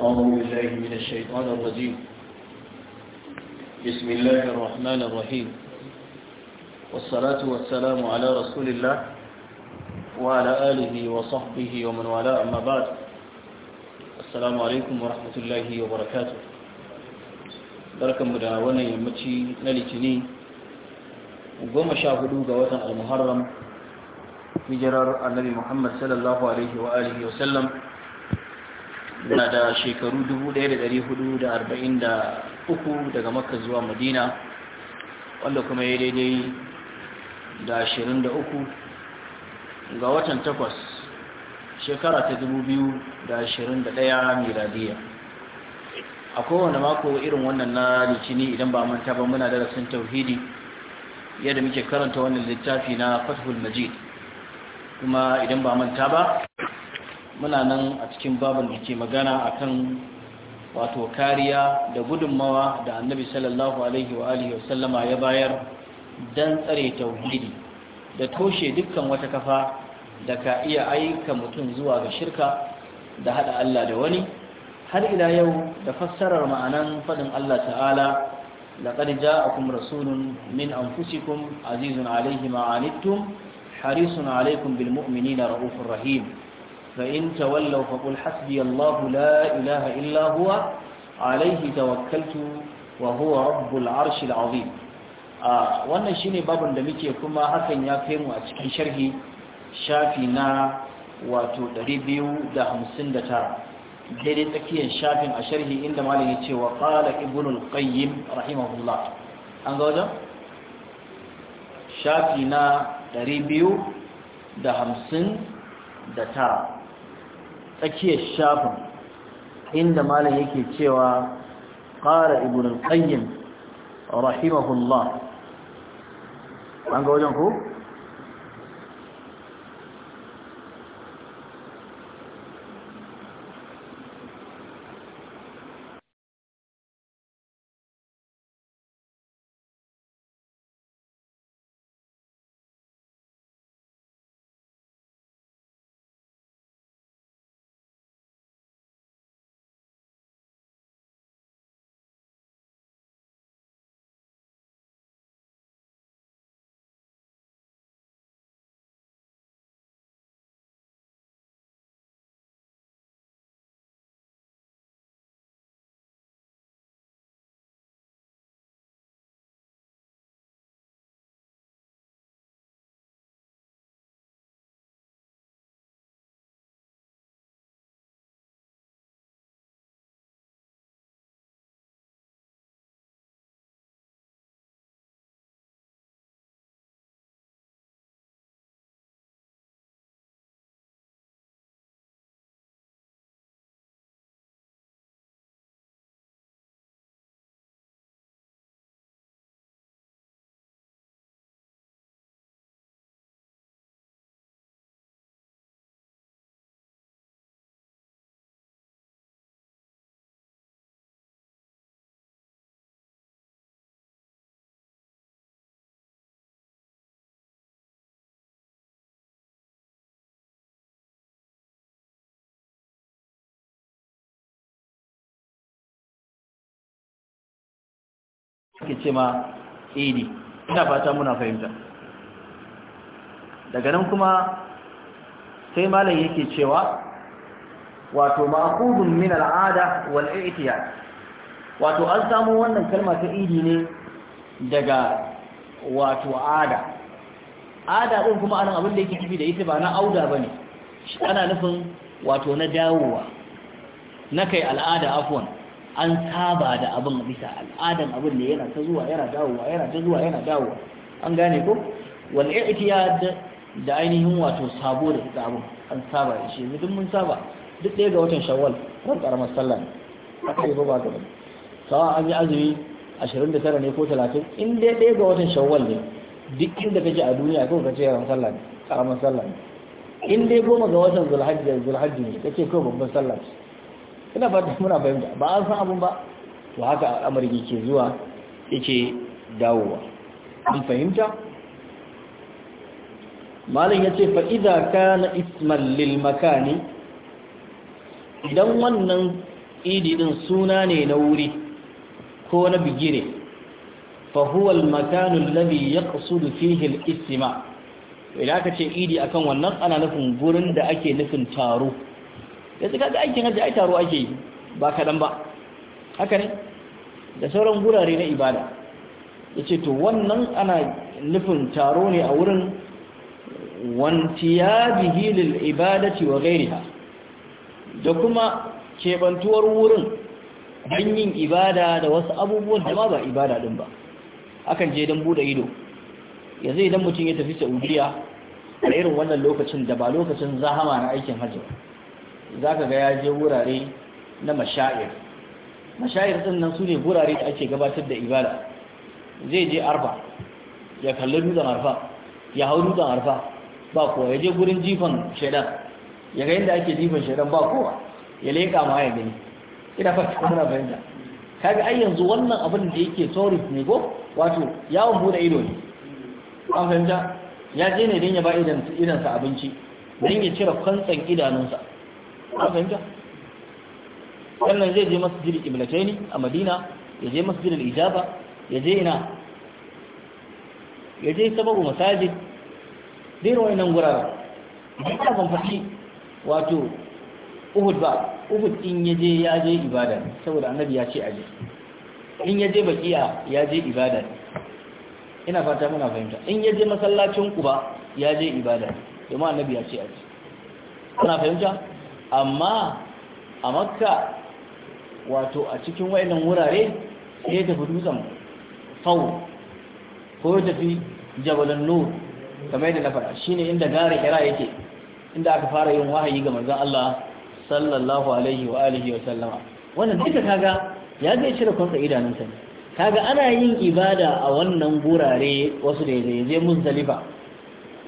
أعوذ بالله من الشيطان الرجيم بسم الله الرحمن الرحيم والصلاة والسلام على رسول الله وعلى آله وصحبه ومن والاه أما بعد السلام عليكم ورحمة الله وبركاته بركة مدعوانا يمتشي نالتني goma sha hudu ga watan al-muharram hijirar annabi muhammad sallallahu alaihi wa alihi wa sallam na da shekaru 1443 daga makka zuwa madina wanda kuma ya daidai da 23 ga watan takwas shekara ta 2021 miladiya a kowane mako irin wannan na litini idan ba manta ba muna darasin tauhidi yadda muke karanta wannan littafi na fathul majid kuma idan ba manta ba muna nan a cikin babin da ke magana akan wato kariya da gudunmawa da annabi sallallahu alaihi wa alihi wasallama ya bayar don tsare tauhidi da toshe dukkan wata kafa da ka iya aika mutum zuwa ga shirka da hada Allah da wani har ila yau da fassarar ma'anan fadin Allah ta'ala laqad ja'akum rasulun min anfusikum azizun alaihi ma harisun alaikum bil mu'minina raufur rahim فإن تولوا فقل حسبي الله لا إله إلا هو عليه توكلت وهو رب العرش العظيم wannan shine babun da muke kuma hakan ya kai mu a cikin sharhi shafi na wato 259 daidai tsakiyar shafin a sharhi inda malam ya ce wa qala ibnu al-qayyim rahimahullah an ga wajen shafi na 259 tsakiyar shafin inda malam yake cewa ƙara ibn al-qayyim rahimahullah an ga wajen ku ke ce ma idi ina fata muna fahimta daga nan kuma sai malam yake cewa wato ma'qudun min al'ada wal i'tiyad wato an samu wannan kalma ta idi ne daga wato ada ada din kuma anan abin da yake tafi da ita ba na auda bane ana nufin wato na dawowa na kai al'ada afwan an saba da abin bisa al'adan abin da yana ta zuwa yana dawowa yana ta zuwa yana dawowa an gane ko wal i'tiyad da ainihin wato sabo da ita abin an saba da shi duk mun saba duk ɗaya ga watan shawwal ran karamar sallah ne aka yi ba gaba sawa an yi azumi 29 ne ko 30 in dai ɗaya ga watan shawwal ne duk inda kake a duniya kawai kace yaran sallah ne karamar sallah ne in dai goma ga watan zulhajji zulhajji ne kace kawai babban sallah ne. ina ba da muna bayan ba an san abin ba to haka al'amari yake zuwa yake dawowa an fahimta malin ya ce fa'iza ka na ismallil makani idan wannan idi ɗin suna ne na wuri ko na bigire fahuwal makanun labi ya da fihil isima idan aka ce idi akan wannan ana nufin gurin da ake nufin taro yanzu kaga aikin hajji ai taro ake yi ba kaɗan ba haka ne da sauran gurare na ibada ya ce to wannan ana nufin taro ne a wurin wantiya hilin lil ibadati wa ghairiha da kuma kebantuwar wurin hanyin ibada da wasu abubuwan da ma ba ibada din ba akan je don buɗe ido yanzu idan mutum ya tafi saudiya a irin wannan lokacin da ba lokacin zahama na aikin hajji ba? za ka ga ya je wurare na mashayar mashayar din nan su ne wurare da ake gabatar da ibada zai je arfa ya kalli dutsen arfa ya hau dutsen arfa ba kowa ya je gurin jifan shaidan ya ga yadda ake jifan shaidan ba kowa ya leƙa ma ya gani ina fata muna fahimta kaga ai yanzu wannan abin da yake tourist ne ko wato yawon bude ido ne an fahimta ya je ne don ya ba idan sa abinci don ya cire kwantsan idanunsa a fahimta wannan zai je masjid ibnataini a madina ya je masjid al-ijaba ya je ina ya je sababu masajid dai ruwa nan gurara ba ta ban wato uhud ba uhud in ya je ya je ibada saboda annabi ya ce a je in ya je bakiya ya je ibada ina fata muna fahimta in ya je masallacin kuba ya je ibada domin annabi ya ce a je ana fahimta amma a makka wato a cikin wayannan wurare sai ya tafi dutsen fau ko ya tafi jabalin nur kamar yadda na faɗa shine inda gare kira yake inda aka fara yin wahayi ga manzon Allah sallallahu alaihi wa alihi wa sallama wannan duka kaga ya ga shi da kansa idanunsa kaga ana yin ibada a wannan gurare wasu da zai zai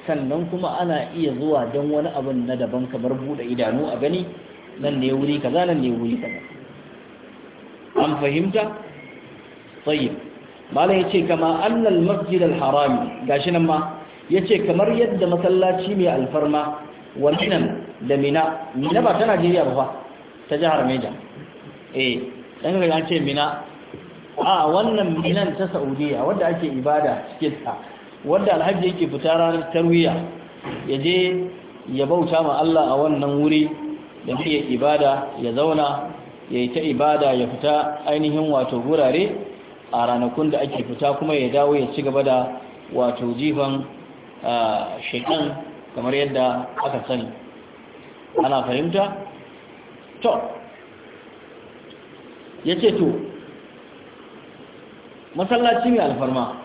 sannan kuma ana iya zuwa don wani abin na daban kamar buɗe idanu a gani nan ne wuri kaza nan ne wuri kaza an fahimta tsayin malam ya ce kama annal masjid al-harami gashi nan ma ya ce kamar yadda masallaci mai alfarma wa da mina mina ba ta najeriya ba fa ta jihar meja eh dan ga an ce mina a wannan minan ta saudiya wadda ake ibada cikin ta wanda alhaji yake fita ranar tarwiya ya je ya bauta ma Allah a wannan wuri da zai ibada ya zauna ya yi ta ibada ya fita ainihin wato gurare a ranakun da ake fita kuma ya dawo ya ci gaba da wato jifan shekan kamar yadda aka sani ana fahimta? to ya ce to masallaci mai alfarma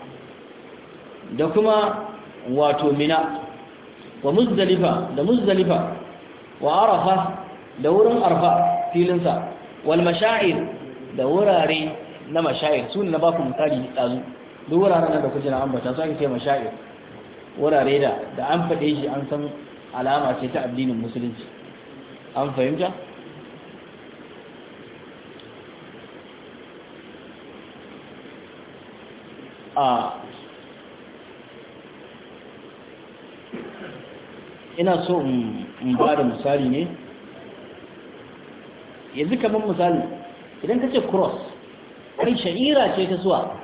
da kuma wato mina wa muzdalifa da muzdalifa wa arafa da wurin arfa filinsa wal mashair da wurare na mashair su na baku misali ɗazu duk wuraren da kuke na ambata su ake ce mashair wurare da da an faɗe shi an san alama ce ta addinin musulunci an fahimta a ina so in ba da misali ne yanzu kamar misali idan ka ce cross kai sha'ira ce ta zuwa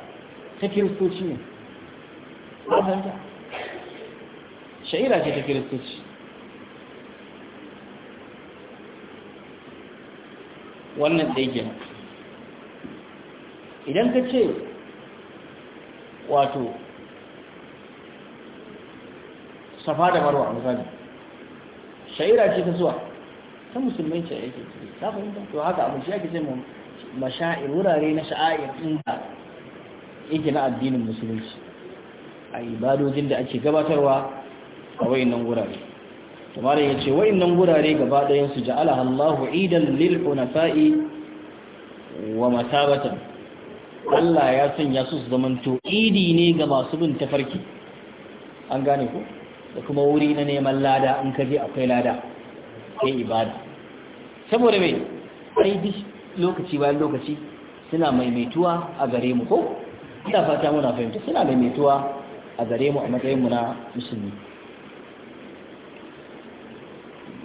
ta kiristoci ne sha'ira ce ta kiristoci wannan ɗaya gina idan ka ce wato safa da marwa misali sha'ira ce ta zuwa ta musulmai ce yake ciki ta fahimta to haka abin shi yake ce mu masha'ir wurare na sha'air inda yake na addinin musulunci a ibadojin da ake gabatarwa a wayannan wurare to ya yace wayannan wurare gaba ɗayan su ja'ala Allahu idan lil hunafa'i wa masabatan Allah ya sanya su su zamanto idi ne ga masu bin tafarki an gane ko da kuma wuri na neman lada in ka je akwai lada sai ibada saboda mai sai bi lokaci bayan lokaci suna maimaituwa a gare mu ko ina fata muna fahimta suna maimaituwa a gare mu a matsayin mu na musulmi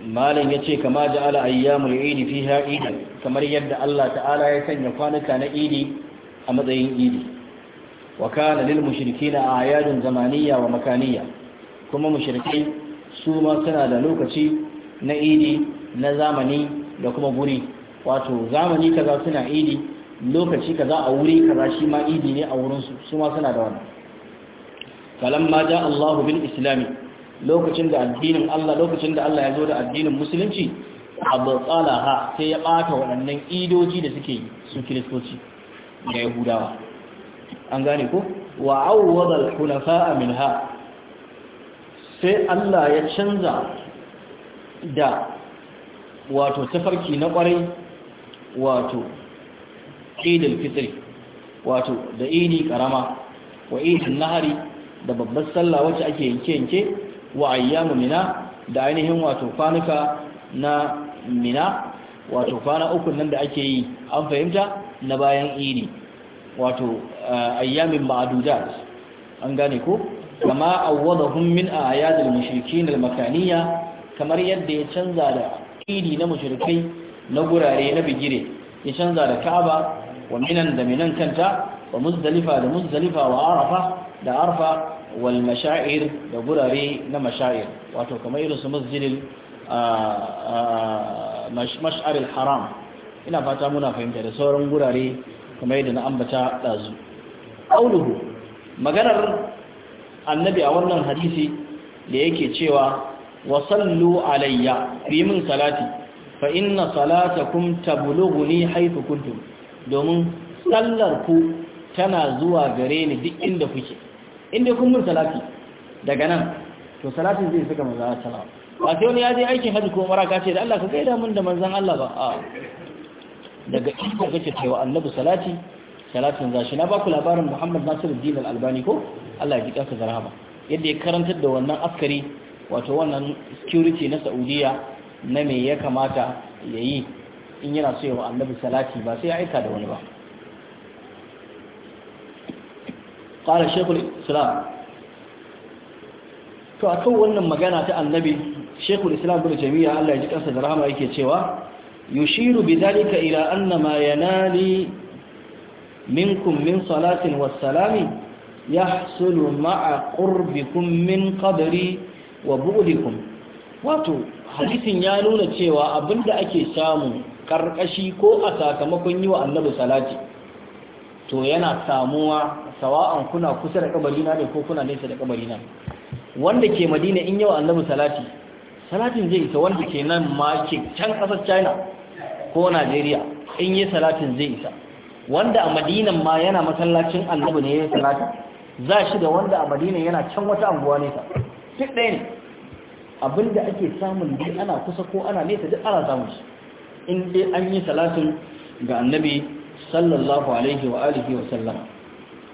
malam ya ce kama ja'ala ayyamul idi fiha idi kamar yadda Allah ta'ala ya sanya kwanuka na idi a matsayin idi wa kana lil mushrikeena a'yadun zamaniyya wa makaniyya kuma mushrikai su ma suna da lokaci na idi na zamani da kuma guri wato zamani kaza suna idi lokaci kaza a wuri kaza shi ma idi ne a wurinsu su ma suna da wannan ma ja Allah bin islami lokacin da addinin Allah lokacin da Allah ya zo da addinin musulunci Ha sai ya bata waɗannan idoji da suke yi su kiristoci da yahudawa an gane ko wa awwada hunafa minha sai Allah ya canza da wato tafarki na kwarai wato idil fitri wato da idi karama wa Idil nahari da babbar sallah wacce ake yanke-yanke wa ayyamu mina da ainihin wato kwanuka na mina wato kwana uku nan da ake yi an fahimta na bayan idi wato eh, ayyamin ma'adudat an gane ko kama awwadahum min ayadil mushrikin al makaniya kamar yadda ya canza da kidi na mushrikai na gurare na bigire ya canza da Ka'aba wa minan da minan kanta wa muzdalifa da muzdalifa wa arafa da arfa wal mashair da gurare na mashair wato kamar irin su masjidil mash'ar haram ina fata muna fahimta da sauran gurare kamar yadda na ambata dazu qauluhu maganar annabi a wannan hadisi da yake cewa wasallu alayya yi min salati fa inna salatakum tablughuni haythu kuntum domin sallar ku tana zuwa gare ni duk inda kuke inda kun mun salati daga nan to salatin zai saka maza Allah sallallahu alaihi wasallam ya je aikin haji ko umara ce da Allah ka gaida mun da manzon Allah ba a daga inda kake cewa annabi salati talatin zashi na baku labarin Muhammad Nasiruddin Al-Albani ko Allah ya ji kansa da rahama yadda ya karantar da wannan askari wato wannan security na Saudiya na me ya kamata yayi in yana so yawa Annabi salati ba sai ya aika da wani ba qala shaykhul islam to a kan wannan magana ta Annabi shaykhul islam bin Jami'a Allah ya ji kansa da rahama yake cewa yushiru bidalika ila annama yanali minkum min salatin wassalami yahsulu ma'a qurbikum min qabri wa bu'dikum wato hadisin ya nuna cewa abinda ake samu karkashi ko a sakamakon yiwa wa annabi salati to yana samuwa sawa'an kuna kusa da kabarina ne ko kuna nesa da kabarina wanda ke madina in yau annabi salati salatin zai isa wanda ke nan ma ke can kasar china ko najeriya in yi salatin zai isa wanda a madinan ma yana masallacin annabi ne ya salata za shi da wanda a madinan yana can wata anguwa ta. duk ɗaya ne abinda ake samun dai ana kusa ko ana nesa duk ana samun shi in dai an yi salatin ga annabi sallallahu alaihi wa alihi wa sallam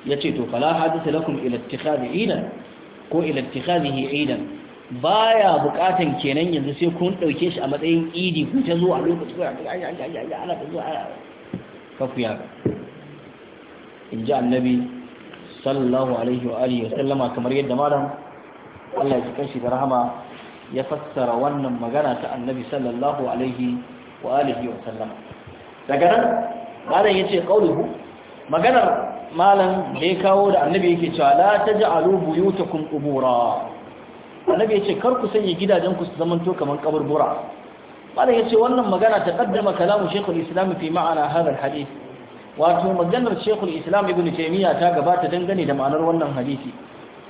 ya ce to fala hadisa lakum ila ittikhadhi idan ko ila ittikhadhihi idan baya bukatan kenan yanzu sai kun dauke shi a matsayin idi ku ta zo a lokacin ana ta zuwa kafu ya in ji annabi sallallahu alaihi wa alihi sallama kamar yadda malam Allah ya ji kanshi da rahama ya fassara wannan magana ta annabi sallallahu alaihi wa alihi wa sallama daga nan malam yace qauluhu maganar malam da ya kawo da annabi yake cewa la taj'alu buyutakum qubura annabi yace kar ku sanya gidajen ku su zaman zamanto kaman kaburbura ya yace wannan magana ta kaddama kalamun shaykhul islam fi ma'ana hadha alhadith wato maganar shaykhul islam ibnu taimiyya ta gabata dangane da ma'anar wannan hadisi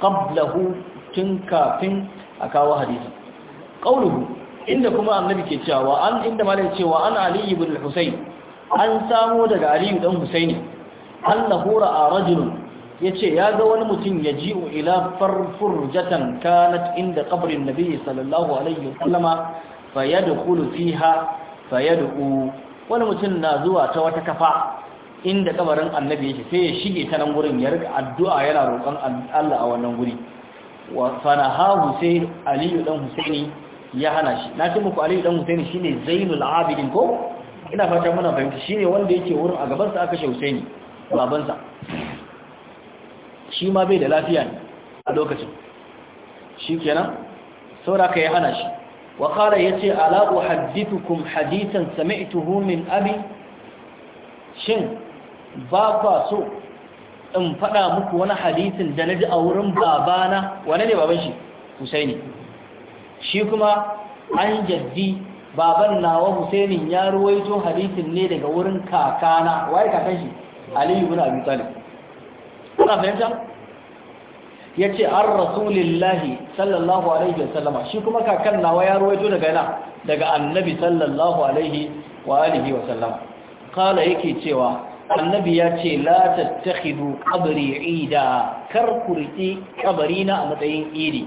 qablahu tun kafin a kawo hadisi qauluhu inda kuma annabi ke cewa an inda ce cewa an ali ibn husayn an samo daga ali dan husaini annahu ra'a rajulun yace ya ga wani mutum ya ji'u ila farfurjatan kanat inda qabrin nabi sallallahu alaihi wasallama fayadkhulu fiha fayad'u wani mutum na zuwa ta wata kafa inda kabarin annabi yake sai ya shige ta nan gurin ya rika addu'a yana roƙon Allah a wannan guri wa fanahahu sai aliyu dan husaini ya hana shi na ce muku aliyu dan husaini shine zainul abidin ko ina fata muna fahimta shine wanda yake wurin a gaban sa aka shi husaini baban sa shi ma bai da lafiya ne a lokacin shikenan saboda ka ya hana shi ya ce يتي ألا أحدثكم حديثا سمعته من أبي شن باقا سوء in faɗa muku wani hadisin da na ji a wurin babana wane ne baban shi husaini shi kuma an jaddi baban nawa husainin ya ruwaito hadisin ne daga wurin kakana waye kakan shi aliyu bin abi talib kuna fahimta yace ar rasulillahi sallallahu alaihi wasallama shi kuma kakan nawa ya ruwaito daga ina daga annabi sallallahu alaihi wa alihi wasallama kala yake cewa annabi ya ce la tattakhidu qabri ida kar ku riƙi kabarina a matsayin idi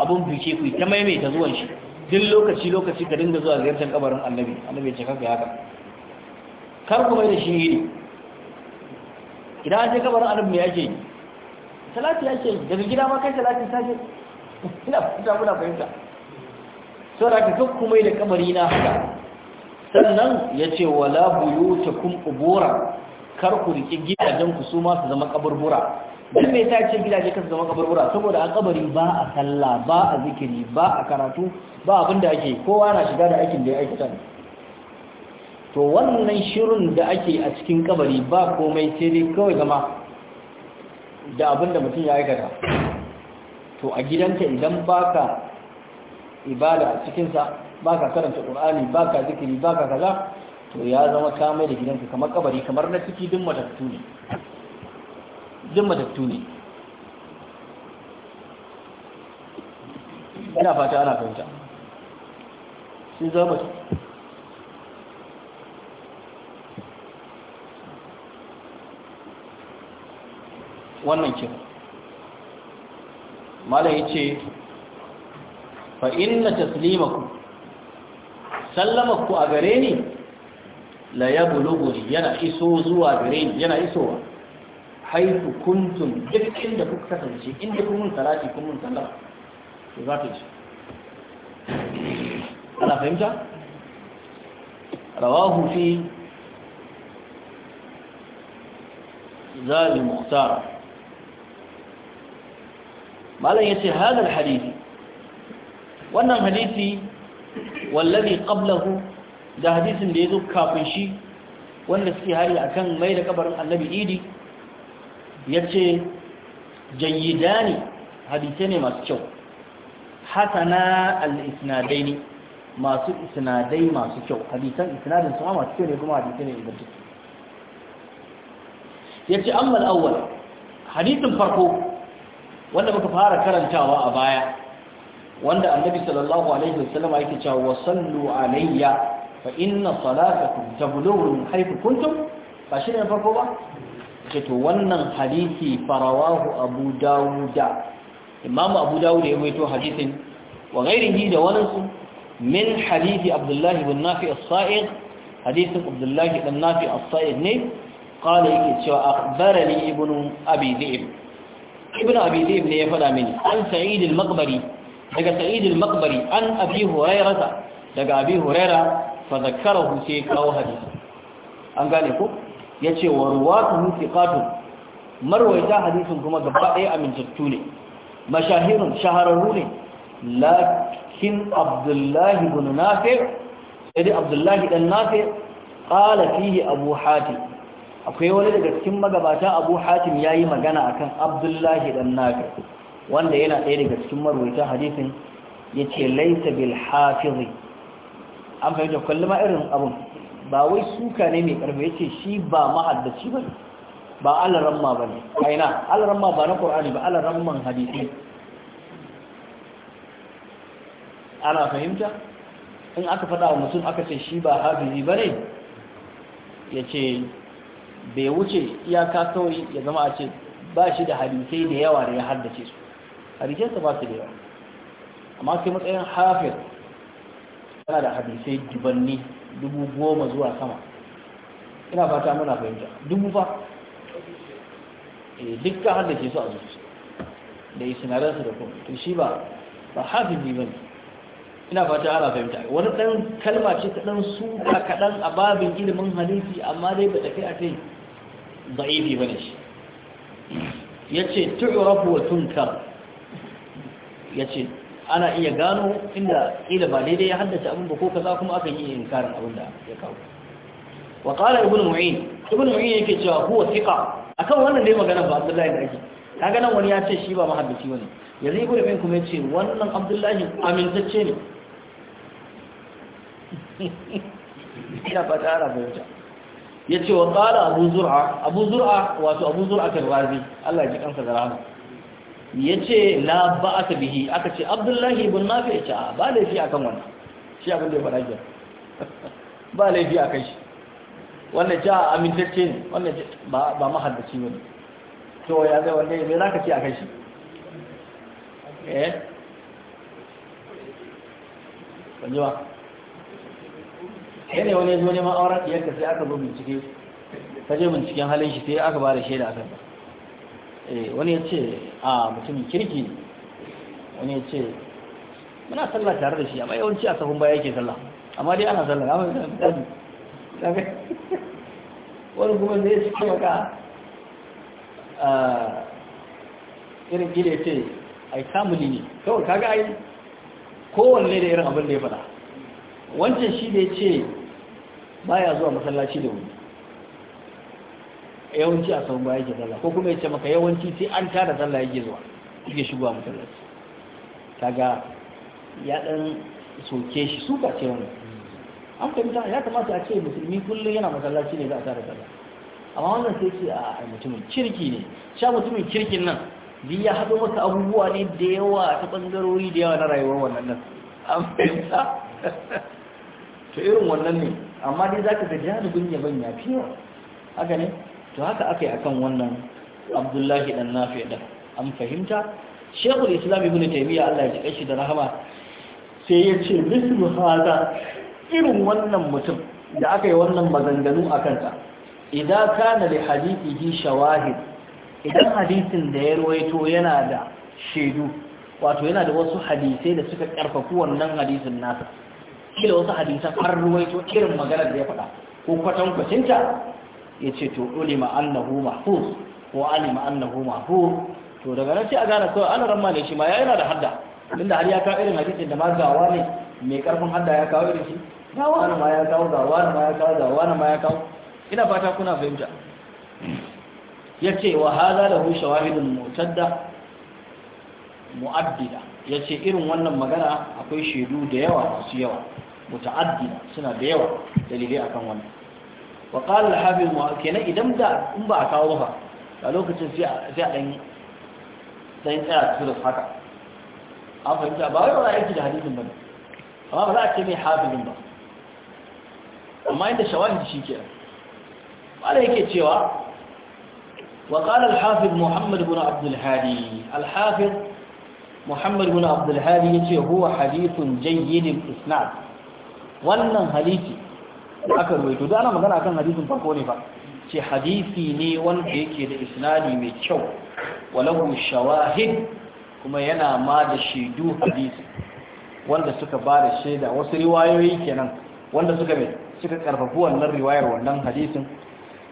abun biki ku ta maimaita zuwan shi duk lokaci lokaci ka dinga zuwa ziyartar kabarin annabi annabi ya ce kanka haka kar ku mai da shi idi idan an je kabarin annabi me yake salati yake daga gida ma kai salati sake ina fita muna fahimta sau da ka kuma da kamari na haka sannan ya ce wala wuce kun ubora kar ku riƙe gidajen ku su ma zama kaburbura dan mai ta ce gidaje kan zama kaburbura saboda a kabari ba a sallah ba a zikiri ba a karatu ba abin da ake kowa na shiga da aikin da ya aikata to wannan shirin da ake a cikin kabari ba komai sai dai kawai zama da abin da mutum ya aikata to a gidanka idan baka ibada a cikinsa baka karanta ƙur'ani baka zikiri baka kaza to ya zama kame da gidanka kamar kabari kamar na ciki duk matattu ne duk matattu ne ina fata ana fahimta sun zama wannan kira mala yace ce fa inna taslimaku sallamaku a gare ni la ya yana iso zuwa gare ni yana isowa haifu kuntun duk inda kuka kasance inda kuma mun salati kuma mun sallama to za ta ce ana fahimta rawahu fi zali muhtar malam yace hadal hadisi wannan hadisi wallazi qablahu da hadisin da yazo kafin shi wanda suke hari akan mai da kabarin annabi idi yace jayyidani hadisi ne masu kyau hasana al-isnadaini masu isnadai masu kyau hadisan isnadin su masu kyau ne kuma hadisi ne ingantu yace amma al-awwal hadisin farko wanda muka fara karantawa a baya wanda annabi sallallahu alaihi wasallam yake cewa wa sallu alayya fa inna salatakum tablughu min haythu kuntum ba shi ne farko ba ce to wannan hadisi farawahu abu Dawud. imam abu Dawud ya waito hadisin wa ghairihi da wani su min hadisi abdullahi bin nafi as-sa'id hadisin abdullahi bin nafi as-sa'id ne qala yake cewa akhbarani ibnu abi dhi'b ibn abi ne ya faɗa mini an sa'id al-maqbari daga sa'id al-maqbari an abi hurairata daga abi huraira fa zakkarahu sai kawo hadisi an gane ko yace wa ruwatuhu thiqatun marwaita hadisin kuma gaba ɗaya amintattu ne mashahirun shahararru ne lakin abdullahi ibn nafi' sai abdullahi dan nafi' qala fihi abu hatim akwai wani daga cikin magabata abu hatim ya yi magana a kan abdullahi dan naka wanda yana ɗaya daga cikin marwaita hadisin ya ce laisa bil hafizi an fahimta kwallo ma irin abin ba wai suka ne mai ƙarfi ya ce shi ba ma'addaci ba ba alaramma ba ne aina alaramma ba na ƙorani ba alaramman hadisi ana fahimta in aka faɗa wa mutum aka ce shi ba hafizi ba ne ya ce bai wuce iyaka kawai ya zama a ce ba shi da hadisai da yawa da ya haddace su hadisai su ba su da yawa amma sai matsayin hafir yana da hadisai dubanni dubu goma zuwa sama ina fata muna fahimta dubu fa eh, duk ka haddace su a zuci da su da kuma to shi ba ba hafin ne bane ina fata ana fahimta wani ɗan kalma ce ta ɗan suka kaɗan a babin ilimin hadisi amma dai ba tafi a kai da'ifi bane shi yace tu'rafu wa tunkar yace ana iya gano inda kila ba daidai ya haddace abin ba ko kaza kuma aka yi inkarin abin da ya kawo wa qala mu'in ibnu mu'in yake cewa huwa thiqa akan wannan dai magana ba Abdullahi da ake kaga nan wani ya ce shi ba mahaddaci bane yanzu ibnu mu'in kuma yace wannan Abdullahi amintacce ne ina fata ara ya ce wa ƙara abu zura abu zura wato abu zura kan razi Allah ya ji kansa da rana ya ce la ba aka bihi aka ce abdullahi ibn nafi ya ce a ba laifi akan wannan shi abin da ya faɗa jiya ba laifi akan shi wannan ja amintacce ne wannan ba mahaddaci ne to ya zai wanda ya za ka ce akan shi eh ba sai ne wani zo neman auren ɗiyarka sai aka zo bincike ta je binciken halin shi sai aka ba da shaida akan eh, wani ya ce a mutumin kirki wani ya ce muna sallah tare da shi amma yawanci a sahun baya yake sallah amma dai ana sallah amma wani kuma zai ce maka irin gida ya ce yi samuli ne kawai kaga ai kowanne da irin abin da ya faɗa wancan shi da ya ce baya zuwa masallaci da wuri yawanci a sauran baya ke zalla ko kuma ya ce maka yawanci sai an tara ya ke zuwa suke shigowa masallaci kaga ya dan soke shi suka ce wani an fahimta ya kamata a ce musulmi kullum yana masallaci ne za a tara zalla amma wannan sai ce a mutumin kirki ne sha mutumin kirkin nan duk ya haɗo masa abubuwa ne da yawa ta ɓangarori da yawa na rayuwar wannan nan an fahimta to irin wannan ne amma dai za ka ga jarubin yaban ya fi yawa haka ne to haka a akan wannan abdullahi dan nafi da an fahimta shekul islam ibn taymiya Allah ya ji da rahama sai ya ce mislu hada irin wannan mutum da aka yi wannan maganganu a kansa idan kana da hadisi ji shawahid idan hadisin da ya ruwaito yana da shaidu wato yana da wasu hadisai da suka karfafu wannan hadisin nasa kila wasu hadisan har ruwaito irin maganar da ya faɗa ko kwatan kwacinta ya ce to ulima annahu mahfuz ko ma annahu mahfuz to daga nan sai a gane kawai ana ramma ne shi ma yana da hadda tunda har ya kawo irin hadisin da ma gawa ne mai karfin hadda ya kawo irin shi gawa na ma ya kawo gawa na ma ya kawo gawa na ma ya kawo ina fata kuna fahimta ce wa hada hu shawahidun mutadda mu'addida ce irin wannan magana akwai shaidu da yawa masu yawa muta'addida suna da yawa dalilai akan wannan wa qala al-hafiz wa kenan idan da in ba a kawo ba a lokacin sai sai a dan sai tsaya su haka an fahimta ba wai wani aiki da hadisin bane amma ba za a ce mai hafizin ba amma inda shawahid shi ke wanda yake cewa wa qala al-hafiz muhammad ibn abd al-hadi al-hafiz muhammad ibn abd al-hadi yace huwa hadithun jayyid al-isnad wannan hadisi da aka ruwaito da ana magana akan hadisin farko ne ba ce hadisi ne wanda yake da isnadi mai kyau walahu shawahid kuma yana ma da shaidu hadisi wanda suka ba da shaida wasu riwayoyi kenan wanda suka mai suka karfafi wannan riwayar wannan hadisin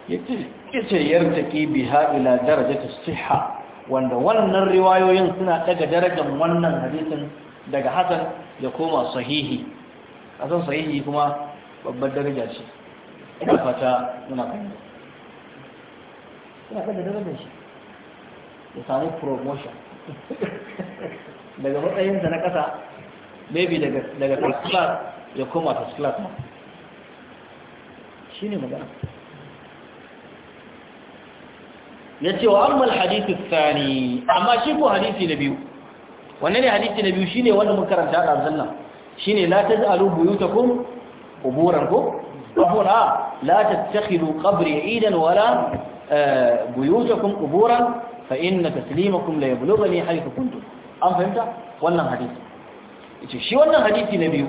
yace yartaki biha ila darajati sihha wanda wannan riwayoyin suna daga darajar wannan hadisin daga hasan ya koma sahihi a san sahihi kuma babbar daraja ce ina fata muna fahimta Ina da daraja shi ya samu promotion daga matsayinsa na ƙasa maybe daga first class ya koma first class ma shi ne magana ya ce wa ammal hadithu tsani amma shi ko hadithi na biyu wannan ne hadithi na biyu shi ne wanda mun karanta a ɗanzan nan ne la taj'alu buyutakum kun? ko qubur a la tattakhidu ƙabri idan wala eh, buyuta kun ƙuburan? fa inna taslimakum la yablughani haythu kuntu? an fahimta wannan hadisi yace shi wannan hadisi na biyu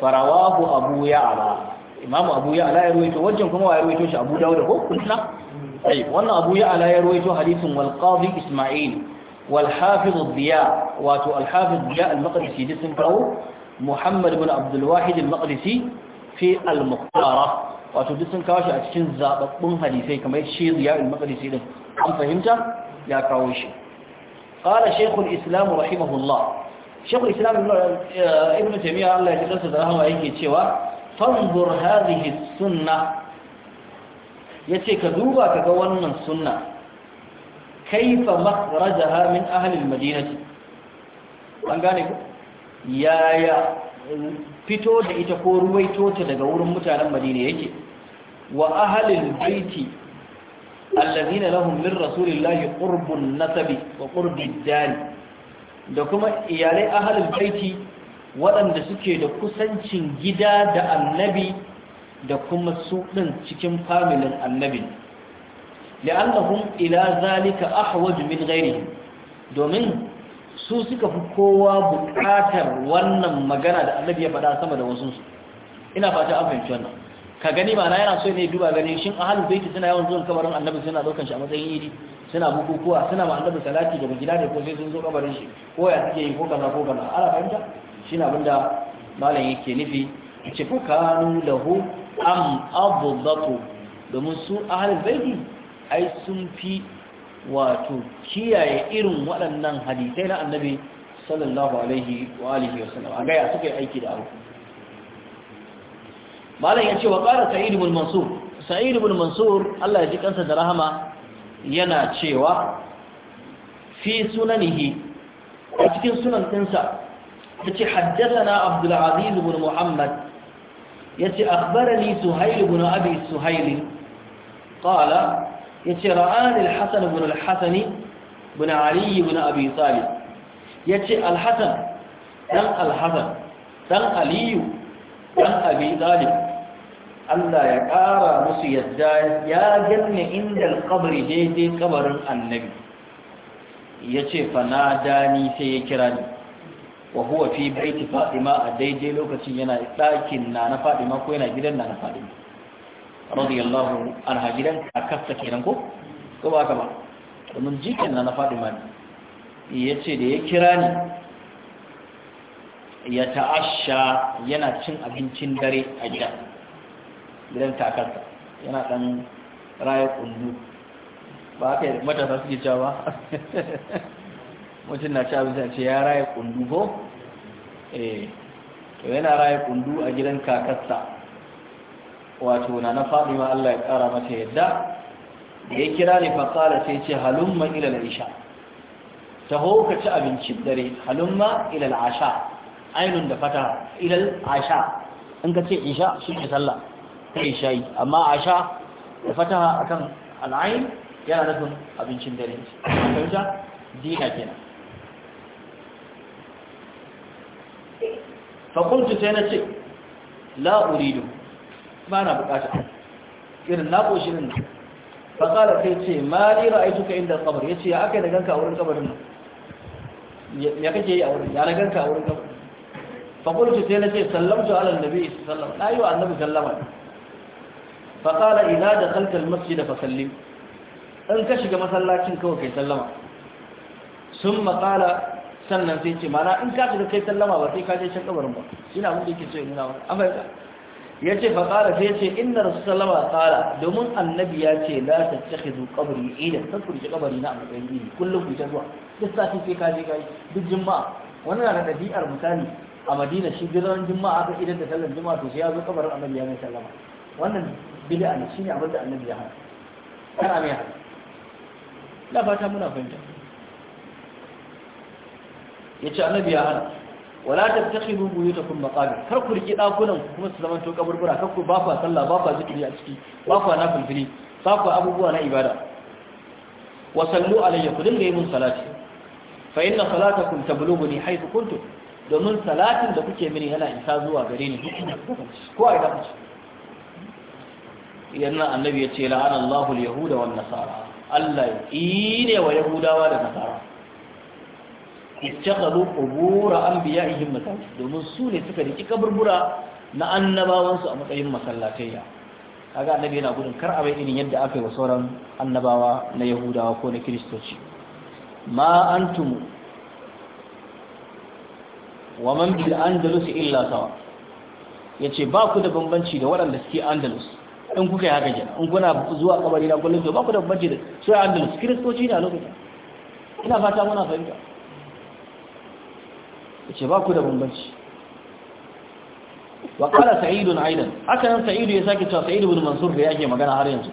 farawahu abu ya'la imamu abu ya'la ya ruwaito wajen kuma ya ruwaito shi abu dawud ko kunna ai wannan abu ya'la ya ruwaito hadisin wal qadi isma'il wal hafiz ad-diya wato al hafiz diya al-maqdisi da sun kawo محمد بن عبد الواحد المقدسي في المختارة وتدسن كاشا اتشن زابطن حديثي كما يشير يا المقدسي له عم فهمت يا كاوشي قال شيخ الإسلام رحمه الله شيخ الإسلام ابن تيمية الله يتدرس دراها وعيك يتشوى فانظر هذه السنة يتشي كذوبا كقوانا السنة كيف مخرجها من أهل المدينة yaya fito da ita ko ruwaito ta daga wurin mutanen madina yake wa ahalil baiti allazina lahum min rasulillahi qurbun nasabi wa qurbid dari da kuma iyalai ahalil baiti waɗanda suke da kusancin gida da annabi da kuma su ɗin cikin familin annabin li'annahum ila zalika ahwaj min ghairihim domin su suka fi kowa buƙatar wannan magana da annabi ya faɗa sama da wasu ina fata an fahimci wannan ka gani ba na yana so ne duba gani shin ahalul baiti suna yawan zuwan kabarin annabi suna daukan shi a matsayin idi suna bukukuwa suna ma annabi salati daga gida ne ko sai sun zo kabarin shi ko ya suke yi ko kaza ko kaza ana fahimta shi na abinda malam yake nufi ce fa kanu lahu am abdatu domin su ahalul baiti ai sun fi wato kiyaye irin waɗannan hadisai na annabi sallallahu alaihi wa alihi wa sallam a gaya suka yi aiki da abu malam ya ce wa ƙara sa'id ibn mansur sa'id ibn mansur Allah ya ji kansa da rahama yana cewa fi sunanihi a cikin sunan ɗinsa yace haddathana abdul aziz ibn muhammad yace akhbarani suhayl ibn abi suhayl qala yace ra'ani al-hasan ibn al-hasan ibn abi talib yace al Alhassan, ɗan al ɗan dan ali abi Allah ya ƙara musu yadda ya ganne inda al daidai kabarin annabi yace fa nadani sai ya kira ni wa huwa fi baiti a daidai lokacin yana ɗakin na na Fadima ko yana gidan na na Fadima. radiyallahu anha gidan a kafta kenan ko ko ba ka ba domin jikin na na faɗi ma ya ce da ya kira ni ya ta'asha yana cin abincin dare a gida gidan kasta. yana ɗan raya kundu ba haka matasa suke cewa ba mutum na ci abinci ce ya raya kundu ko eh to yana raya kundu a gidan kakarsa wato na na ma Allah ya ƙara mata yadda ya kira ni faqala sai ce halumma ila al-isha taho ka ci abinci dare halumma ilal al-asha ainun da fata ilal al-asha in ka ce isha shi ne sallah kai shayi amma asha da fata akan al-ain yana nufin abincin dare kanta dina kenan fa qultu sai na ce la uridu ba na bukata irin na koshi nan fakalar sai ce ma ni ra'aitu ka inda kabar ya ce ya aka yi da ganka a wurin kabarin nan ya kake yi a wurin ya na ganka a wurin kabarin fakultu sai na ce sallamtu ala nabi sallam na yi wa annabi sallama fakala ina da kalkal masjid da fasallim in ka shiga masallacin kawai kai sallama sun makala sannan sai ce mana in ka shiga kai sallama ba sai ka je can kabarin ba shi na abin da yake so nuna ba an fahimta ya ce faƙara sai ce inna rasu salama ƙara domin annabi ya ce za ta cike zu ƙabari idan ta kurce ƙabari na matsayin iri kullum ku ta zuwa duk sati sai ka je duk juma'a wani na da ɗabi'ar misali a madina shi gidan juma'a aka idan da sallar juma'a to sai ya zo ƙabarin annabi ya mai sallama wannan bid'a ne shine abin da annabi ya hana kana mai hana da fata muna fahimta yace annabi ya hana wala tattakhidu buyutakum maqabir kar ku riki dakunan kuma su zama to kaburbura kar ku ba fa sallah ba fa zikiri a ciki ba fa nafilfili ba fa abubuwa na ibada wa sallu alayya ku dinga yin salati fa inna salatakum tablughuni haythu kuntum domin salatin da kuke mini yana isa zuwa gare ni ko a ina kuce yana annabi ya ce la'ana Allahu al-yahuda wan nasara Allah yi ne wa yahudawa da nasara istaghlu qubur anbiya'ihim masajid domin su ne suka riki kaburbura na annabawansu a matsayin masallatayya kaga annabi yana gudun kar abai irin yadda aka yi wa sauran annabawa na yahudawa ko na kiristoci ma antum wa man bil andalus illa sawa yace ba ku da bambanci da waɗanda suke andalus in kuka yi haka jin in kuna zuwa kabari na kullum to ba ku da bambanci da su andalus kiristoci ne a lokacin ina fata muna fahimta yace ba ku da bambanci wa qala sa'id aidan haka nan ya sake cewa sa'id ibn mansur da yake magana har yanzu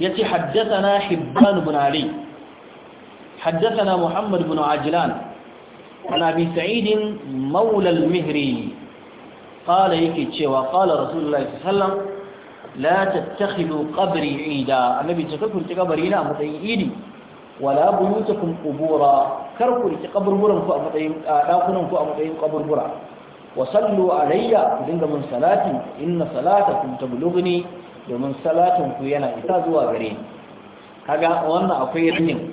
yace haddathana hibban ibn ali haddathana muhammad ibn ajlan an abi sa'id mawla al-mihri qala yake cewa qala rasulullahi sallallahu alaihi wasallam la tattakhidhu qabri ida annabi ce kakun ta kabari na matsayin idi wala buyutakum qubura kar ku riki kaburburan ku a matsayin dakunan ku a matsayin kaburbura wa sallu alayya ku dinga mun salati inna salatakum tablughuni domin salatin ku yana isa zuwa gare ni kaga wannan akwai yin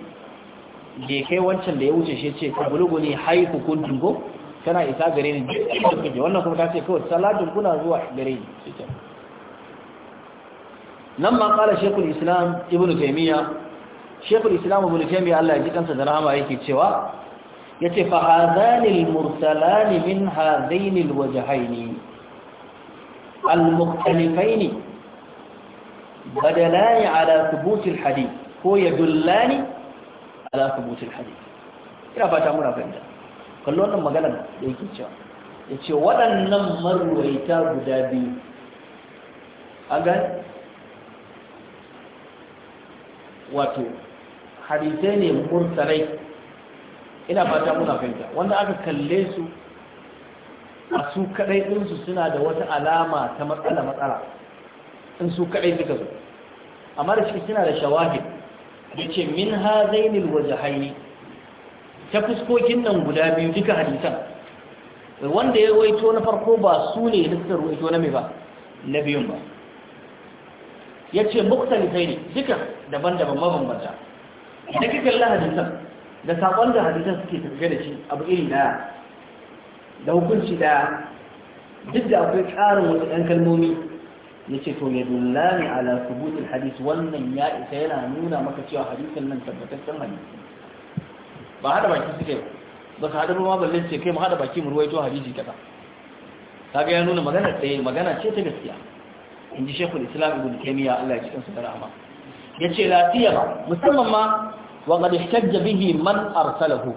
je kai wancan da ya wuce shi ce tablughuni haiku kuntum go kana isa gare ni wannan kuma ta ce kawai salatin kuna zuwa gare ni nan ma kala shekul islam ibnu taymiya shekul islamu bulkemi Allah ya ji kansa da rahama yake cewa ya ce fa hazanil mursalani min hazainil wajahaini al-mukhtalifaini badalani ala thubutil hadith ko yadullani ala thubutil hadith ina fata muna fahimta kallon wannan magana da yake cewa ya ce waɗannan marwaita guda biyu an wato hadisai ne mursalai ina fata muna fahimta wanda aka kalle su a su kadai ɗinsu suna da wata alama ta matsala matsala in su kadai suka zo amma da shi suna da shawahid da ce min ha zainil haini. ta fuskokin nan guda biyu duka hadisan wanda ya waito na farko ba su ne na suka ruwaito na mai ba na biyun ba ya ce muktalitai ne duka daban-daban mabambanta da kika kalla hadisan da sakon da hadisan suke tafiye da shi abu iri daya da hukunci daya duk da akwai tsarin wasu ɗan kalmomi ya ce to ya lami ala subutul hadis wannan ya isa yana nuna maka cewa hadisan nan tabbatattun hadisi ba hada baki suke ba ba su hada ma balle ce kai mu hada baki mu ruwaito hadisi kaza kaga ya nuna magana tsaye magana ce ta gaskiya in ji shekul islam ibn taymiya Allah ya ji kansa da rahama yace lafiya ba musamman ma wa qad bihi man arsalahu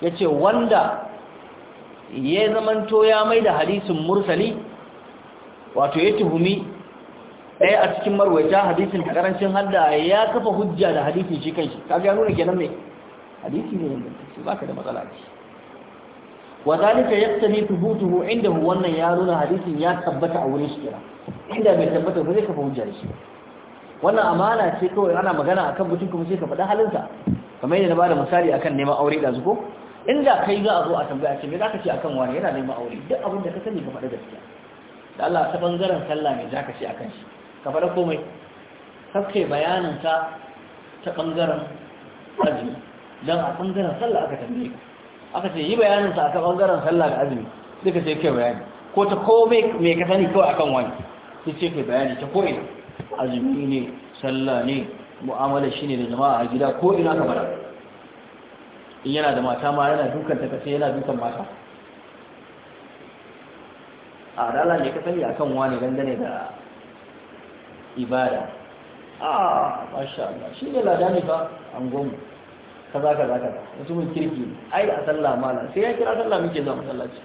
yace wanda ya zamanto ya mai da hadisin mursali wato ya tuhumi ɗaya a cikin marwaita hadisin ta karancin hadda ya kafa hujja da hadisi shi kai kaga ya nuna kenan mai hadisi ne wanda shi baka da matsala ce wa zalika yaktani thubutuhu indahu wannan ya nuna hadisin ya tabbata a wurin shi kira inda bai tabbata ba zai kafa hujja da shi wannan amana ce kawai ana magana akan mutum kuma sai ka faɗa halinsa kamar yadda na bada misali akan neman aure da zuko inda kai za a zo a tambaya ce me zaka ce akan wani yana neman aure duk abin da ka sani ka faɗa gaskiya da Allah ta bangaren sallah me zaka ce akan shi ka faɗa komai kafke bayanin ta ta bangaren azumi dan a bangaren sallah aka tambaye ka aka ce yi bayanin sa akan bangaren sallah da azumi duka sai kai bayani ko ta komai me ka sani kawai akan wani sai ce kai bayani ta ko'ina azumi ne sallah ne mu'amala shi ne da jama'a a gida ko ina ka bada in yana da mata ma yana dukan ta kace yana dukan mata a dala ne ka sani akan wani dangane da ibada Ah masha Allah shi ne ladani ba an gomu kaza kaza kaza mutumin kirki ai da sallah mala sai ya kira sallah muke zuwa masallaci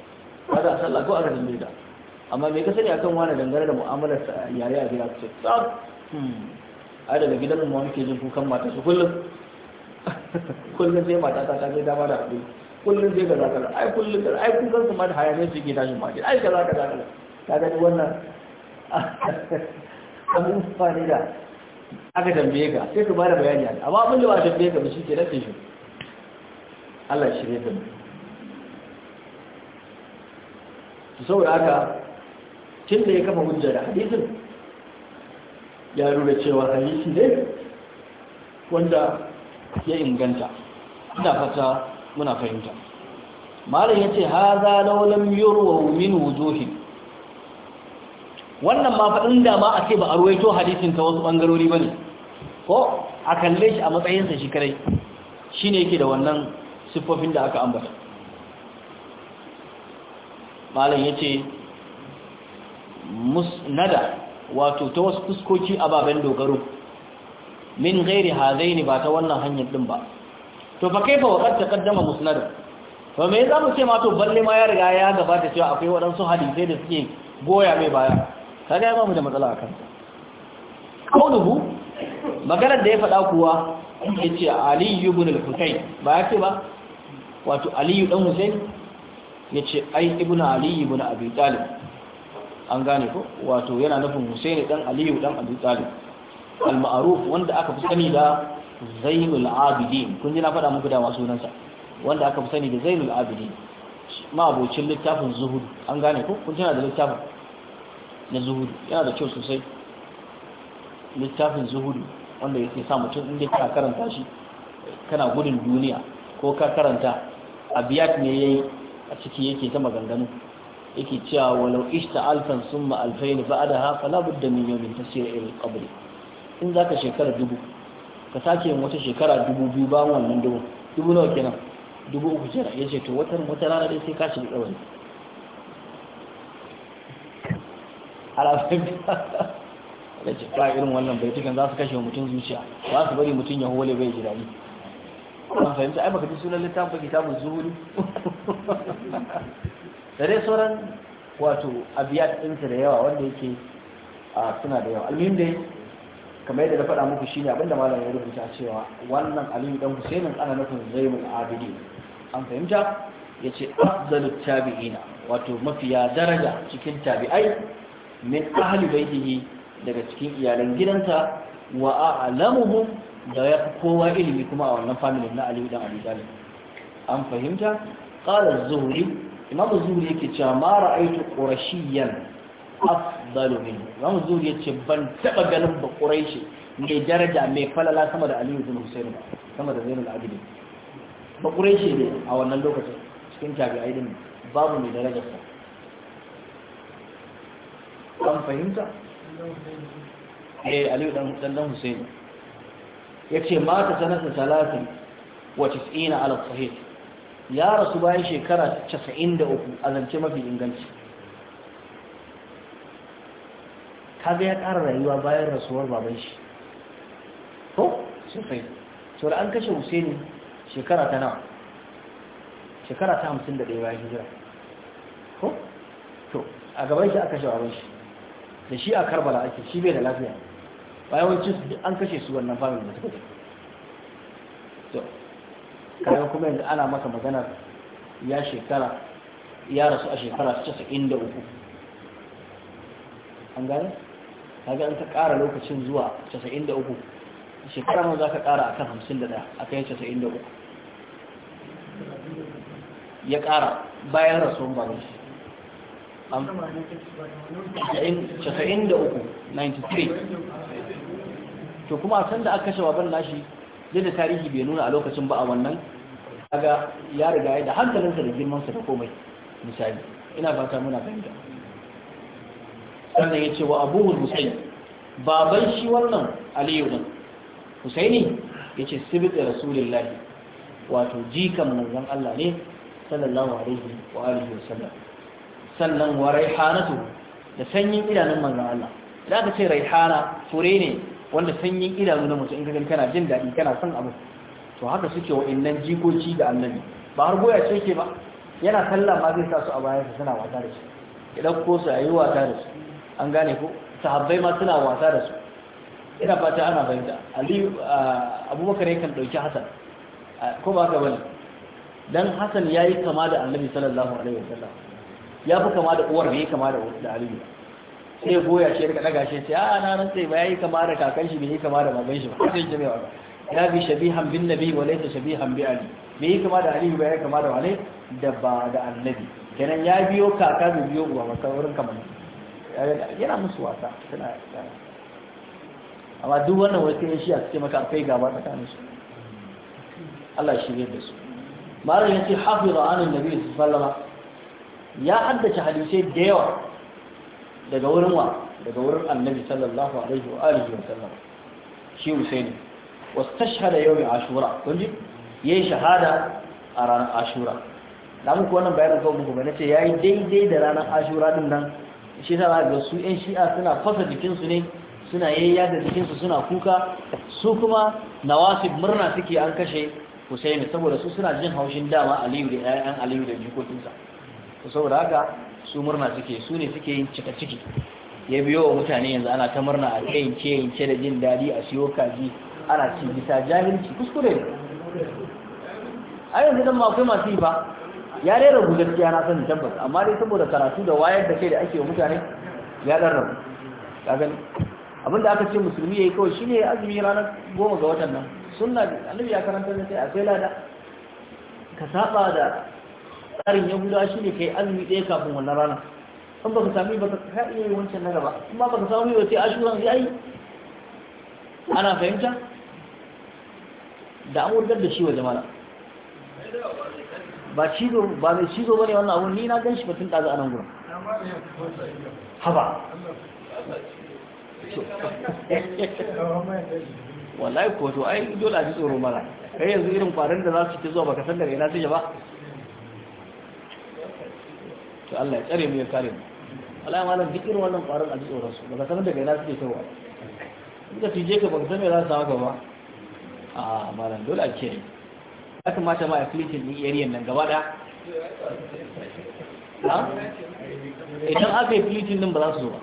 ba da sallah ko a ga da amma mai ya akan wane dangane da mu'amalar sa yare a gida ce tsab hmm. ai daga gidan mu muke jin kukan mata su kullum kullum sai mata ta ta ga dama da abu kullum sai kaza kaza ai kullum da ai kukan su ma da hayane su ke tashin ma ai kaza kaza zakar ta gani wannan mun ne da aka tambaye ka sai ka ba da bayani amma abin da ba a tambaye ka ba shi ke na shi Allah shirye ta mu saboda haka tun da ya kafa hujja da hadisin ya nuna cewa hadisi ne wanda ya inganta ina fata muna fahimta malam ya ce haza laulam yurwa min wujuhin wannan ma faɗin da ma a ce ba a ruwaito hadisin ta wasu ɓangarori ba ne ko a kalle shi a matsayinsa shi kare shi ne yake da wannan siffofin da aka ambata malam ya ce musnada wato ta wasu fuskoki ababen dogaro min gairi hazai ne ba ta wannan hanyar din ba to fa fa wa qad ƙaddama musnada to me za mu ce ma to balle ma ya riga ya gabata cewa akwai waɗansu hadisai da suke goya mai baya kaga ya ba mu da matsala a akan kauluhu maganar da ya faɗa kuwa ya ce ibn al-husayn ba ya ce ba wato Aliyu ɗan Hussein, ya ce ai ibn Aliyu ibn abi talib an gane ko wato yana nufin husaini dan aliyu dan abu talib al-ma'ruf wanda aka fi sani da zainul abidin kun ji na faɗa muku da wasu sunansa wanda aka fi sani da zainul abidin ma'abocin littafin zuhudu an gane ko kun tana da littafin na zuhudu yana da kyau sosai littafin zuhudu wanda yake sa mutum dai ka karanta shi kana gudun duniya ko ka karanta abiyat ne yayi a ciki yake ta maganganu yake cewa walau ishta alfan summa alfaini ba'da ha fala budda min yawmin tasir irin qabr in zaka shekara dubu ka sake yin wata shekara dubu biyu ba wannan dubu dubu nawa kenan dubu uku ce yace to wata wata rana dai sai ka shiga kawai da ce ba irin wannan bai tukan za su kashe mutum zuciya ba su bari mutum ya hole bai jirani ba fahimta ai baka ji sunan littafin kitabun zuhuri Dare sauran wato abiyat ɗinsa da yawa wanda yake suna da yawa almin dai kamar yadda na faɗa muku shine abinda malam ya rubuta cewa wannan aliyu dan husainin ana nufin zainul abidi an fahimta Ya yace afdalu tabi'ina wato mafiya daraja cikin tabi'ai min ahli baitihi daga cikin iyalan gidansa wa a'lamuhum da ya fi kowa ilimi kuma a wannan familin na aliyu dan abi an fahimta qala az-zuhri imam zuhri yake cewa ma ra'aytu qurashiyyan afdalu min imam zuhri yace ban taba ganin ba quraishi mai daraja mai falala sama da aliyu bin husayn ba sama da zainul abidin ba quraishi ne a wannan lokacin cikin tabi'ai din babu mai daraja sa kan fahimta eh aliyu dan dan husayn yace mata sanata 93 ala sahih ya rasu bayan shekara 93 a zance mafi inganci ga ya ƙara rayuwa bayan rasuwar baban shi ko sufai so da an kashe husaini shekara ta nawa shekara ta 51 bayan hijira ko to a gaban shi aka baban shi da shi a karbala ake shi bai da lafiya bayan wancin an kashe su wannan famin da suka jika kayan kuma yanzu ana maka maganar ya shekara ya rasu a shekara casa'in da uku an gane? ga an ta ƙara lokacin zuwa casa'in da uku shekara ma za ka ƙara a kan hamsin da ɗaya a kai casa'in da uku ya ƙara bayan rasuwan baban shi casa'in da uku 93 to kuma a sanda aka kashe baban nashi yadda tarihi bai nuna a lokacin ba a wannan kaga ya riga da hankalinsa da girmansa da komai misali ina fata muna fahimta sannan ya ce wa abubuwan husaini baban shi wannan aliyu ne husaini ya ce sibit da rasulillahi wato jikan manzon Allah ne sallallahu alaihi wa alihi wa sallam sannan wa raihanatu da sanyin idanun manzon Allah da aka ce raihana fure ne wanda sanyin idanu na mutum in kaga kana jin daɗi kana son abu to haka suke wa'annan jikoci da annabi ba har goya ce ke ba yana sallah ma zai sa su a sa suna wasa da shi ya ɗauko su a yi wasa da su an gane ko sahabbai ma suna wasa da su ina fata ana bayyana ali abubakar yakan ɗauki hasan ko ba ka bane dan hasan yayi kama da annabi sallallahu alaihi wasallam ya fi kama da uwar ne kama da da aliyu sai goya shi ya daga shi sai a ah, na sai ba yayi kama da kakan shi bai yi kama da baban shi ba sai ji mai waka ya bi shabihan bin nabi wa laysa shabihan bi ali bai yi kama da ali ba yayi kama da wale da ba da annabi kenan ya biyo kaka da biyo uwa masa wurin kamar yana musu wasa suna amma duk wannan wasu ne shi a cikin maka akwai gaba tsakanin su Allah shi da su malam yace hafiza anan nabi sallallahu alaihi wasallam ya haddace hadisai da yawa daga wurin wa daga wurin annabi sallallahu alaihi wa alihi wa sallam shi Husaini wastashhada yawmi ashura kun ji yayi shahada a ranar ashura da muku wannan bayanin kawai muku bane ce yayi daidai da ranar ashura din nan shi ta ga su yan shi'a suna fasa jikinsu ne suna yayya da jikinsu suna kuka su kuma nawasib murna suke an kashe Husaini saboda su suna jin haushin dama Aliyu da ƴaƴan Aliyu da jikokinsa saboda haka su murna suke su ne suke yin cika ciki ya biyo wa mutane yanzu ana ta murna a kai yin ce da jin daɗi a siyo kaji ana ci bisa jahilci kuskure ne a yanzu dan ma masu yi ba ya rera rabu gaskiya na sani tabbas amma dai saboda karatu da wayar da kai da ake wa mutane ya dan rabu ka gani abin da aka ce musulmi yayi kawai shine azumi ranar goma ga watan nan sunna annabi ya karanta ne sai a kai lada ka saba da tsarin yahuda shi ne kai azumi ɗaya kafin wannan rana ba baka sami ba ka iya yi wancan na gaba in ba ka sami ba sai ashuran ya yi ana fahimta da an wurgar da shi wa jama'a ba cizo ba mai cizo ne wannan abun ni na gan shi batun ɗazu a nan gurin haba wallahi ko to ai dole a ji tsoro mara kai yanzu irin kwarin da za su ke zuwa baka san daga ina suke ba su Allah ya tsare mu ya kare mu Allah malam duk wannan ƙwarin a tsoron su ba ka san daga ina suke tawa in ka tije ka ba ka san me za su haka ba a malam dole a kiyaye ya kamata ma a filitin ɗin yariyan nan gaba ɗaya idan aka yi filitin ɗin ba za su zo ba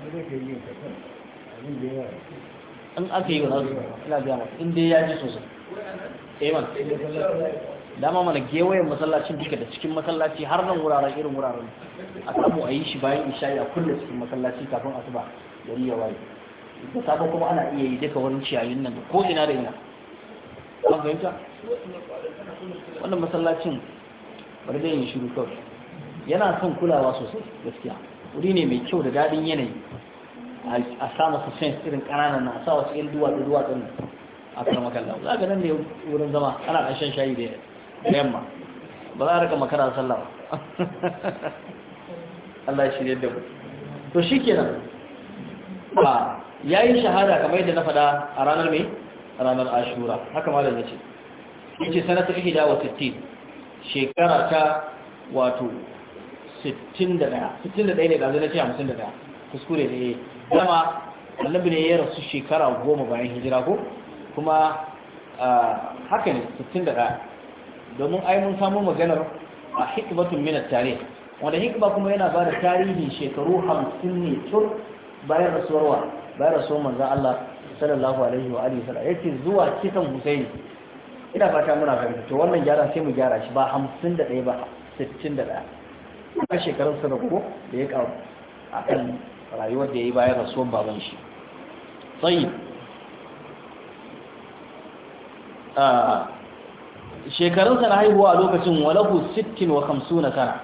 in aka yi ba za su zo ina biya ma in dai ya ji sosai eh man dama mana gewayen masallacin duka da cikin masallaci har nan wuraren irin wuraren a samu a yi shi bayan isha'i a kulle cikin masallaci kafin asuba da ya waye da sabon kuma ana iya yi duka wurin ciyayin nan ko ina da ina an fahimta wannan masallacin bari zai yi shiru kawai yana son kulawa sosai gaskiya wuri ne mai kyau da daɗin yanayi a sa masa fence irin ƙananan na a sa wasu yan duwatsu duwatsun a kan makalla za ga nan ne wurin zama ana ɗan shan shayi da yamma ba za a rika makara sallah ba Allah shi ne da ku to shi kenan ba ya yi shahada kamar yadda na faɗa a ranar mai ranar ashura haka ma da ce ya ce sanata ihida wa sittin, shekara ta wato 61 61 ne ɗazu na ce 51 kuskure ne dama annabi ne ya rasu shekara goma bayan hijira ko kuma ah, haka ne 61 domin ai mun samu maganar a hikmatun min tare. wanda hikma kuma yana ba da tarihin shekaru 50 ne tur bayan rasuwarwa bayan rasuwar manzon Allah sallallahu alaihi wa alihi wasallam yake zuwa kisan Hussein ina fata muna fahimta to wannan gyara sai mu gyara shi ba 51 ba 61 a shekarun sa da ko da ya karu kan rayuwar da yayi bayan rasuwar baban shi sai ah, shekarunsa na haihuwa a lokacin walahu 50 sana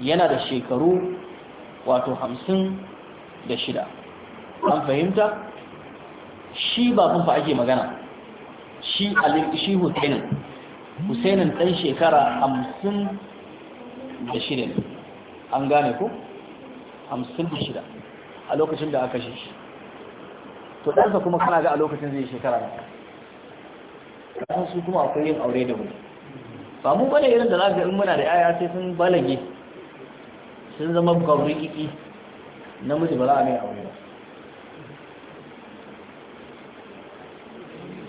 yana da shekaru wato 50 da shida an fahimta shi ba kun fa ake magana shi alin hussainin hussainin ɗan shekara 50 da shida an gane ku 50 da shida a lokacin da aka shi to ɗansa kuma kana ga a lokacin zai shekara na kasan su kuma akwai yin aure da wuri ba mu bane irin da za ga in muna da yaya sai sun balage sun zama gauri kiki mutu ba za a mai aure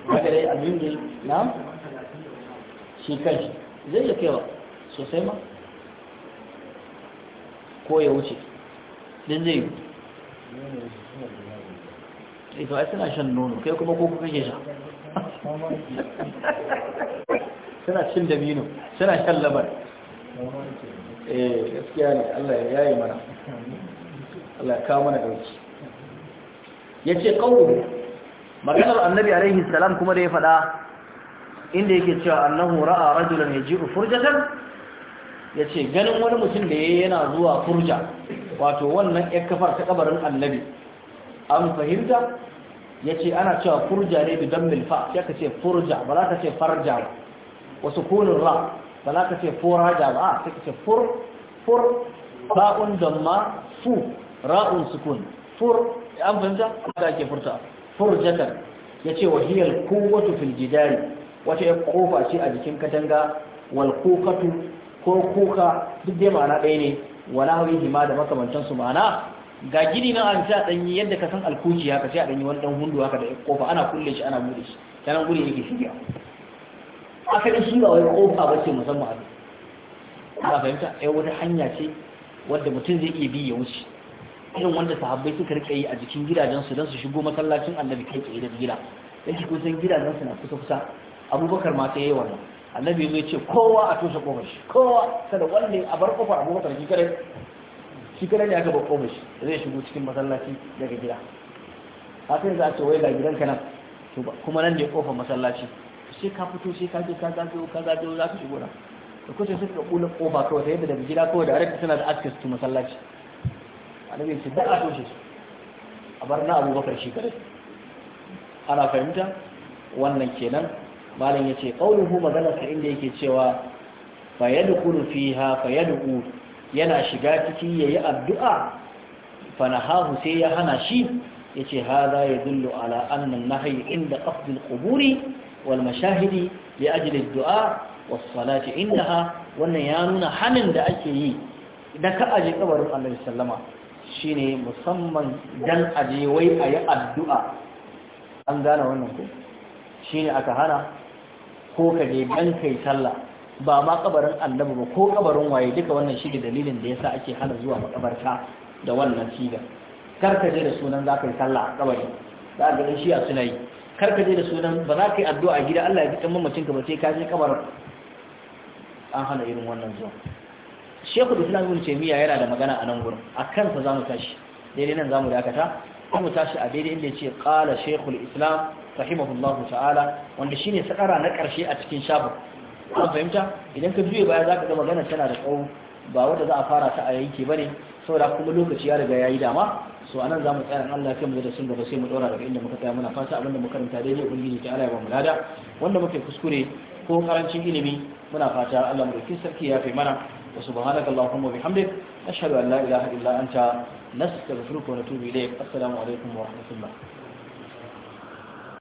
ba haka dai abin da na shi shi zai iya kaiwa sosai ma ko ya wuce din zai yi ito eh, to ai suna shan nono kai kuma ko kuka ke sha suna cin dabino suna shan labar eh gaskiya ne Allah ya yayi mana Allah ya kawo mana dauki yace qawlu maganar annabi alaihi salam kuma da ya fada inda yake cewa annahu ra'a rajulan yaji'u furjatan yace ganin wani mutum da yana zuwa furja wato wannan ya kafar ta kabarin annabi an fahimta ya ce ana cewa furja ne don milfa ya ka ce furja ba za ka ce farja ba wasu kunin ra ba za ka ce furaja ba a ah, sai ka ce fur fur ba'un damma fu ra'un sukun fur an fahimta da ke furta furjatar ya ce wahiyar kowatu filjidari wata ya kofa ce a jikin katanga wal kokatu ko kuka duk dai ma'ana ɗaya ne wala hawi hima da makamantansu ma'ana ga gini na an sa yi yadda ka san alkuci haka sai a yi wani dan hundu haka da kofa ana kulle shi ana bude shi ta nan gure yake shiga asalin shi ba wai kofa ba ce musamman ba ana fahimta ai wata hanya ce wadda mutum zai iya bi ya wuce irin wanda sahabbai suka rika yi a jikin gidajensu don su shigo masallacin annabi kai tsaye da gida yake kusan gidajensu na kusa kusa abubakar ma sai yayi wannan annabi zai ce kowa a toshe kofar shi kowa kada wanda a bar kofar abubakar shi kare cikin ya ne aka bako mashi zai shigo cikin masallaci daga gida kafin za a ce wai ga gidanka nan kuma nan ne kofar masallaci sai ka fito shi ka je ka zagayo ka zagayo za ka shigo nan da kusa ka kula kofa kawai ta yadda daga gida kawai da arika suna da access to masallaci nan yanci da a toshe su a bar na abubakar shi kare ana fahimta wannan kenan malam yace qauluhu maganarsa inda yake cewa fayadkhulu fiha fayad'u yana shiga ciki yayi addu'a fanahahu sai ya hana shi yace hada yadullu ala anna an inda qasd al-quburi wal mashahidi li ajli ad-du'a was salati wannan ya nuna hanin da ake yi idan ka aje kabarin Annabi sallama shine musamman dan aje wai ayi addu'a an gane wannan ko shine aka hana ko ka je dan kai sallah ba ma kabarin annabi ba ko kabarin waye duka wannan shi dalilin da yasa ake hana zuwa makabarta da wannan siga kar ka je da sunan za ka yi sallah a kabari za a ganin shiya suna yi kar ka je da sunan ba za ka yi addu'a a gida Allah ya bi kan mamacin ka ba sai ka je kabarin an hana irin wannan zuwa Sheikh Islam Ibn Taymiyyah yana da magana a nan gurin a kansa za mu tashi daidai nan za mu dakata kuma tashi a daidai inda yace qala Sheikh Islam rahimahullahu ta'ala wanda shine sakara na karshe a cikin shafin an fahimta idan ka juye baya za ka ga magana tana da tsawo ba wanda za a fara ta a yanke ba ne saboda kuma lokaci ya riga ya yi dama so anan za mu tsaya Allah kai mu da sun gaba sai mu dora daga inda muka tsaya muna fata abinda muka karanta daidai ubangiji ta Allah ya ba mu lada wanda muke kuskure ko karancin ilimi muna fata Allah mu dauki sarki ya kai mana wa subhanaka allahumma wa bihamdik ashhadu an la ilaha illa anta nastaghfiruka wa natubu ilayk assalamu alaikum wa rahmatullah